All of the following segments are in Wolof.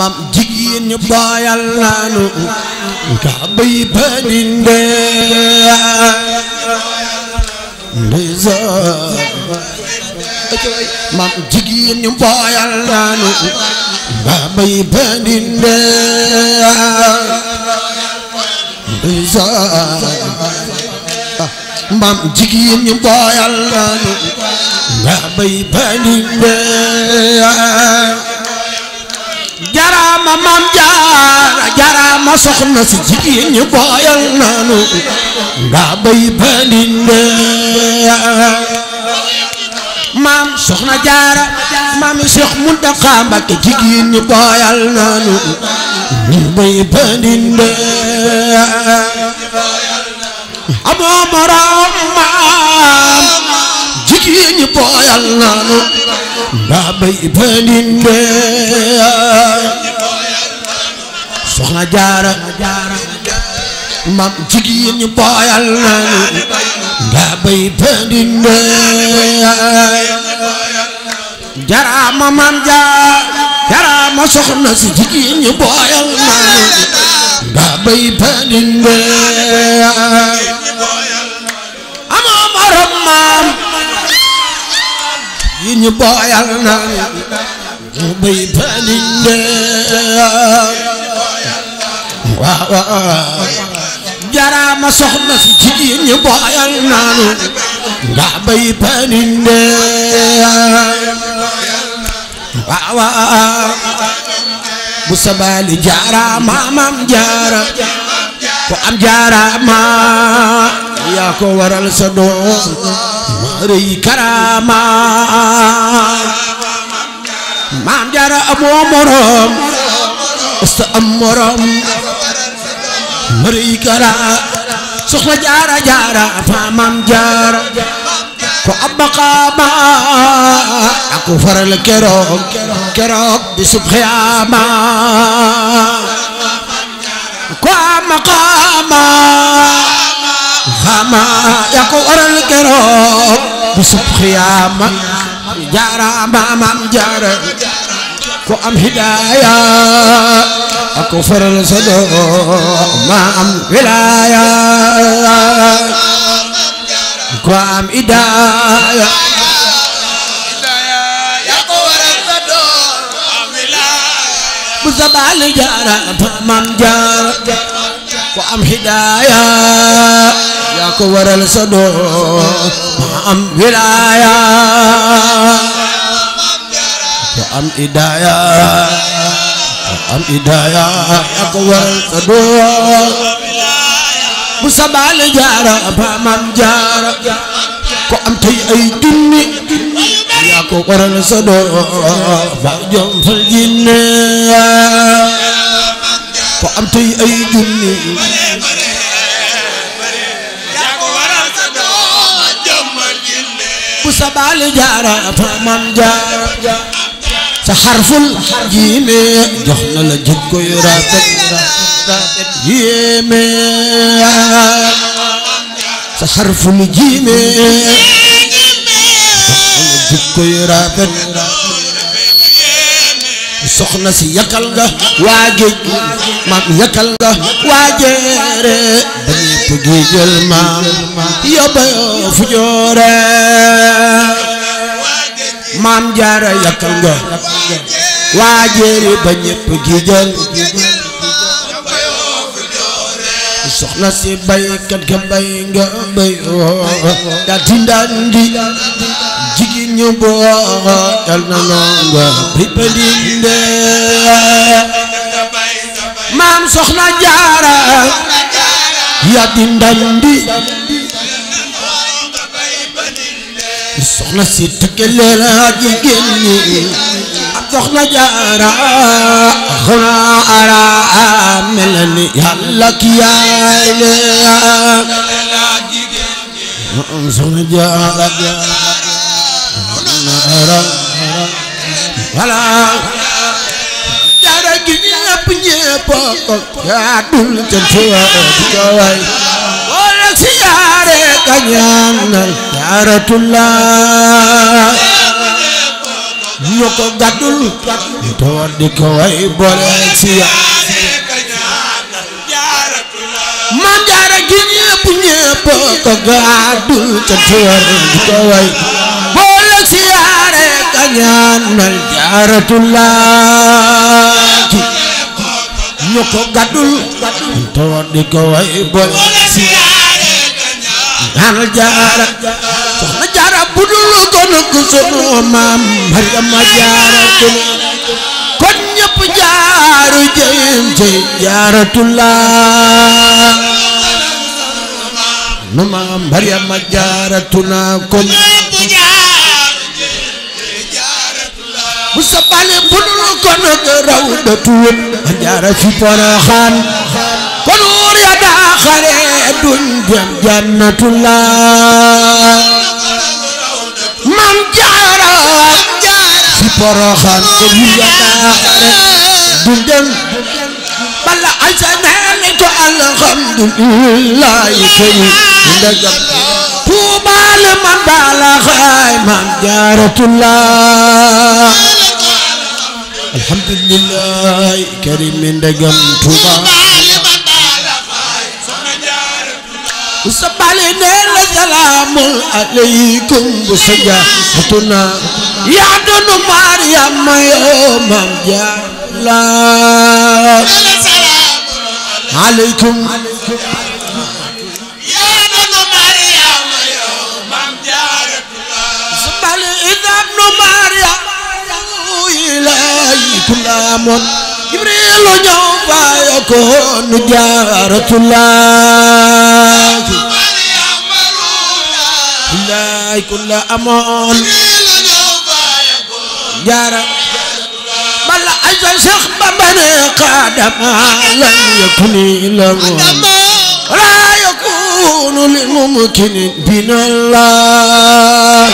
maamam jigéen ñu booyal naanu kaaba yi bani ndee ndeysaan maam jigéen ñu booyal naanu kaaba yi bani ndee ndeysaan ndee ma maam jaara jaaraama soxna si jigéen ñi booyal naanu nga bay balinde maam soxna jaara maami Cheikh Mountakha Mbacké jigéen ñi booyal booyal naanu nga bay balinde soxna jaara mam jigéen ñi booyal nañu nga bay tëddinde jaraama mam jaar jaraama soxna si jigéen ñi booyal nañu nga bay tëddinde amoo morom maam jigéen ñi booyal nañu nga bay tëddinde waaw waaw jaraama soxna si jigéen ñi booyal naanu nga bay paninde waaw waaw bu sabali jaraama maam jara ko am jaraama yaa ko waral sa doom rëy karaama maam jara amoo morom sa am morom mëri kara soxna jaara jaara faamam jaara ko abba qaama aku faral keroog keroog bisub xiyaama ko amma qaama xaama ya ko waral keroog bisub xiyaama jaara maamam jaara ko am hidaaya ko faral sa doom ma am wilaaya ko am idaaya yaa ko waral sa doom am wilaaya bu sa baal jaara maam jaara ko am hidaaya yaa ko waral sa doom ma am wilaaya ko am idaaya am hidaya ak waral sa doom bu sabaale jaara ba maam jaara ko am tey ay junni yaa ko waral sa doom ba jom fal jinne ko am tey ay junni bu sabaale jaara ba maam jaara te xarful jiime jox na la jikko yu soxna si yakal nga waa yakal nga waa jeere ba ñépp géejal maam yóbba fu maam jaara yàkkal nga waa jéeri ba ñépp gi jël soxna si baykat ga bay nga bay da tindaan di jigéen ñu boo el na longa bi pëndinde maam soxna jaara ya tindaan soxna si tëkkaleel ak jigéen ñi ak soxna jaara xuna ara mel ni yàlla ki yaay leen soxna jaara ara wala jaara gi ñëpp ñëpp ko yaa dul ca tuwa di ko way wala si yaare ka ñaanal jaaratullah ñu ko gàddul ñu toog di ko way boole si maam jaara gi ñëpp ñëpp ko gàddul ca toog di ko way boole si yaare ka ñaanal jaaratullah ñu ko gàddul ñu toog di ko way boole si yaare ka ñaanal jaara ku dul kon ku sunu maam Mariama jaaratul kon ñëpp jaaru jëm ci jaaratullah nu maam Mariama jaaratuna kon ñëpp jaaru jëm bu sabale bu dul kon rawdatu jaara fi Porokhane kon wóor ya daa xare duñ jëm jannatullah poroxaan ko yakaare du dem bala asanani ko alhamdulillahi kay ndagam tuubal man bala xaay man jaaratullah alhamdulillahi karim ndagam tuubal وسبالي نيل سلام عليكم بسجاتنا يا دون مريم يوم جلا عليكم كلام جبريل يوم فايكون جارة الله baay kun la amoon jaara bala ay sa Seex Bamba ne xaadama lam yakuni lahu raa yakunu lil mumkinin binallah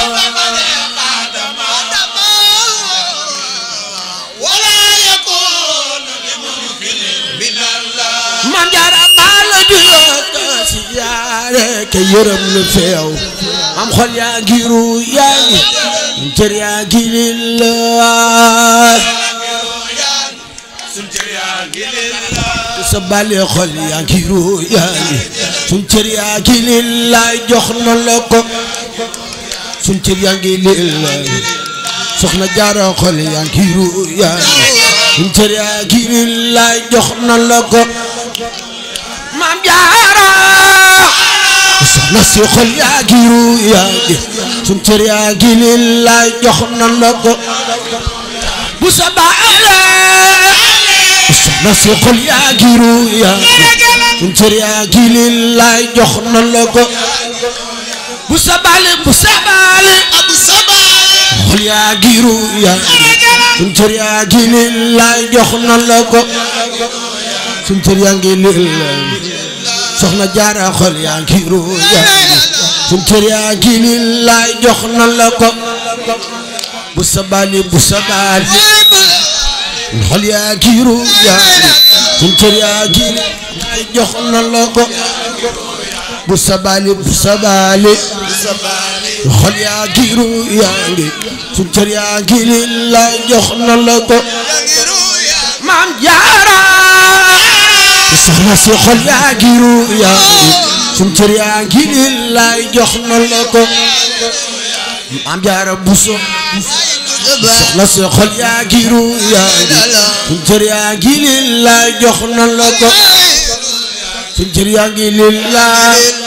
man jaara maa la juróom ka si yaare ka yërëm lu feew am xol yaa ngi ru yaa ngi suñ cër yaa ngi lillaay sa bale xol yaa ngi ru yaa ngi suñ cër yaa ngi lillaay jox na la ko suñ cër yaa ngi lillaay soxna jaara xol yaa ngi ru yaa ngi suñ cër yaa ngi lillaay jox na la ko maam jaara soxna si xol yaa ngi ru yaa ngi suñ cër yaa ngi lillaay jox nan la ko bu sa baale soxna si xol yaa ngi ru yaa ngi suñ cër yaa ngi lillaay jox nan la ko bu sa baale bu sa baale bu sa baale xol yaa ngi ru yaa ngi suñ cër yaa ngi lillaay jox nan la ko suñ cër yaa ngi lillaay soxna jaara xol yaa ngi ruuj suñ cër yaa ngi lillaay jox na la ko bu sabaani bu sabaani xol yaa ngi ruuj suñ cër yaa ngi lillaay jox na la ko bu sabaani bu sabaani xol yaa ngi ruuj suñ la ko soxna si xol yaa ngi ruur yaa ngi suñ cër yaa ngi lay na la ko maam jaara buso soxna si xol yaa ngi ruur yaa ngi suñ cër yaa ngi lay na la ko suñ cër yaa ngi lay